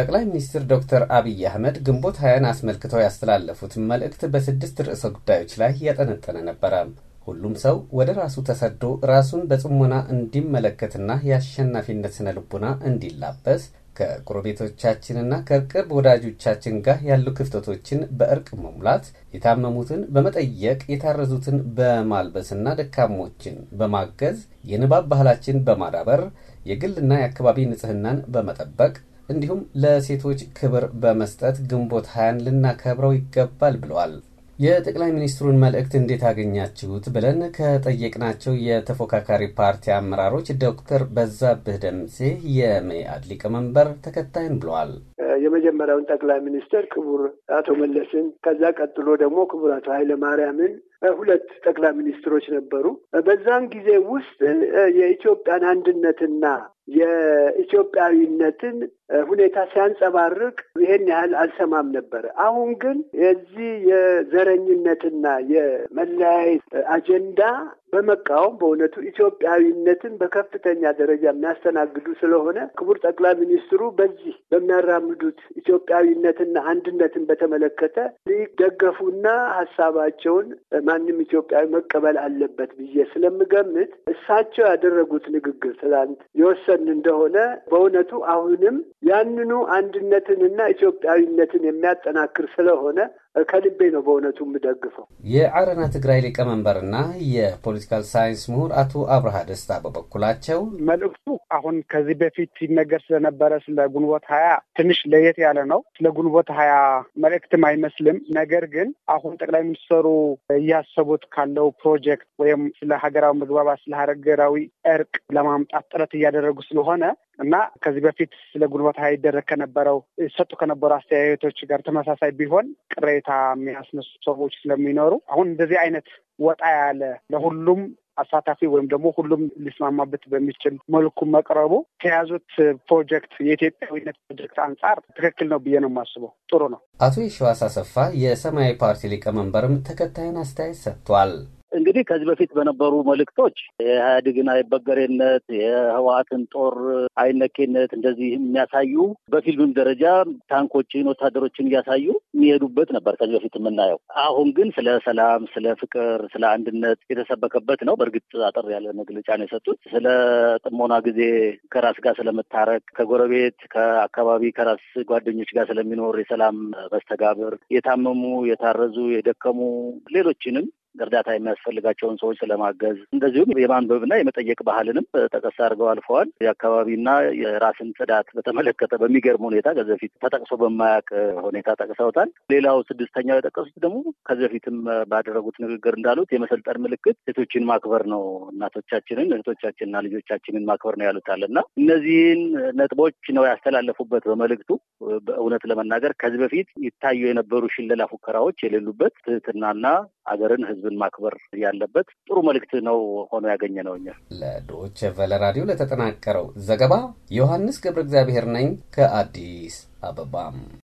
ጠቅላይ ሚኒስትር ዶክተር አብይ አህመድ ግንቦት ሀያን አስመልክተው ያስተላለፉት መልእክት በስድስት ርዕሰ ጉዳዮች ላይ ያጠነጠነ ነበረ። ሁሉም ሰው ወደ ራሱ ተሰዶ ራሱን በጽሞና እንዲመለከትና የአሸናፊነት ስነ ልቡና እንዲላበስ ከጎረቤቶቻችንና ከቅርብ ወዳጆቻችን ጋር ያሉ ክፍተቶችን በእርቅ መሙላት፣ የታመሙትን በመጠየቅ የታረዙትን በማልበስና ደካሞችን በማገዝ የንባብ ባህላችን በማዳበር የግልና የአካባቢ ንጽህናን በመጠበቅ እንዲሁም ለሴቶች ክብር በመስጠት ግንቦት ሀያን ልናከብረው ይገባል ብለዋል። የጠቅላይ ሚኒስትሩን መልእክት እንዴት አገኛችሁት ብለን ከጠየቅናቸው የተፎካካሪ ፓርቲ አመራሮች ዶክተር በዛብህ ደምሴ የመኢአድ ሊቀመንበር ተከታይን ብለዋል። የመጀመሪያውን ጠቅላይ ሚኒስትር ክቡር አቶ መለስን ከዛ ቀጥሎ ደግሞ ክቡር አቶ ኃይለ ማርያምን ሁለት ጠቅላይ ሚኒስትሮች ነበሩ። በዛን ጊዜ ውስጥ የኢትዮጵያን አንድነትና የኢትዮጵያዊነትን ሁኔታ ሲያንጸባርቅ ይሄን ያህል አልሰማም ነበረ። አሁን ግን የዚህ የዘረኝነትና የመለያየት አጀንዳ በመቃወም በእውነቱ ኢትዮጵያዊነትን በከፍተኛ ደረጃ የሚያስተናግዱ ስለሆነ ክቡር ጠቅላይ ሚኒስትሩ በዚህ በሚያራምዱት ኢትዮጵያዊነትና አንድነትን በተመለከተ ሊደገፉና ሀሳባቸውን ማንም ኢትዮጵያዊ መቀበል አለበት ብዬ ስለምገምት እሳቸው ያደረጉት ንግግር ትላንት የወሰን እንደሆነ በእውነቱ አሁንም ያንኑ አንድነትንና ኢትዮጵያዊነትን የሚያጠናክር ስለሆነ ከልቤ ነው በእውነቱ የምደግፈው። የአረና ትግራይ ሊቀመንበርና የፖሊ የፖለቲካል ሳይንስ ምሁር አቶ አብርሃ ደስታ በበኩላቸው መልእክቱ አሁን ከዚህ በፊት ሲነገር ስለነበረ ስለ ግንቦት ሀያ ትንሽ ለየት ያለ ነው። ስለ ግንቦት ሀያ መልእክትም አይመስልም። ነገር ግን አሁን ጠቅላይ ሚኒስትሩ እያሰቡት ካለው ፕሮጀክት ወይም ስለ ሀገራዊ መግባባት ስለ ሀገራዊ እርቅ ለማምጣት ጥረት እያደረጉ ስለሆነ እና ከዚህ በፊት ስለ ጉልበት ሀይል ይደረግ ከነበረው ሰጡ ከነበሩ አስተያየቶች ጋር ተመሳሳይ ቢሆን ቅሬታ የሚያስነሱ ሰዎች ስለሚኖሩ አሁን እንደዚህ አይነት ወጣ ያለ ለሁሉም አሳታፊ ወይም ደግሞ ሁሉም ሊስማማበት በሚችል መልኩ መቅረቡ ከያዙት ፕሮጀክት የኢትዮጵያዊነት ፕሮጀክት አንጻር ትክክል ነው ብዬ ነው የማስበው። ጥሩ ነው። አቶ የሸዋስ አሰፋ የሰማያዊ ፓርቲ ሊቀመንበርም ተከታዩን አስተያየት ሰጥቷል። እንግዲህ ከዚህ በፊት በነበሩ መልእክቶች የኢህአዴግን አይበገሬነት፣ የህወሓትን ጦር አይነኬነት እንደዚህ የሚያሳዩ በፊልምም ደረጃ ታንኮችን፣ ወታደሮችን እያሳዩ የሚሄዱበት ነበር ከዚህ በፊት የምናየው። አሁን ግን ስለ ሰላም፣ ስለ ፍቅር፣ ስለ አንድነት የተሰበከበት ነው። በእርግጥ አጠር ያለ መግለጫ ነው የሰጡት። ስለ ጥሞና ጊዜ ከራስ ጋር ስለመታረቅ፣ ከጎረቤት፣ ከአካባቢ፣ ከራስ ጓደኞች ጋር ስለሚኖር የሰላም መስተጋብር፣ የታመሙ የታረዙ የደከሙ ሌሎችንም እርዳታ የሚያስፈልጋቸውን ሰዎች ስለማገዝ እንደዚሁም የማንበብና የመጠየቅ ባህልንም ጠቀስ አድርገው አልፈዋል። የአካባቢና የራስን ጽዳት በተመለከተ በሚገርም ሁኔታ ከዚህ በፊት ተጠቅሶ በማያውቅ ሁኔታ ጠቅሰውታል። ሌላው ስድስተኛው የጠቀሱት ደግሞ ከዚህ በፊትም ባደረጉት ንግግር እንዳሉት የመሰልጠን ምልክት ሴቶችን ማክበር ነው፣ እናቶቻችንን እህቶቻችንና ልጆቻችንን ማክበር ነው ያሉታል እና እነዚህን ነጥቦች ነው ያስተላለፉበት በመልእክቱ። በእውነት ለመናገር ከዚህ በፊት ይታዩ የነበሩ ሽለላ ፉከራዎች የሌሉበት ትህትናና አገርን፣ ህዝብን ማክበር ያለበት ጥሩ መልእክት ነው ሆኖ ያገኘ ነው። እኛ ለዶች ቨለ ራዲዮ ለተጠናቀረው ዘገባ ዮሐንስ ገብረ እግዚአብሔር ነኝ ከአዲስ አበባም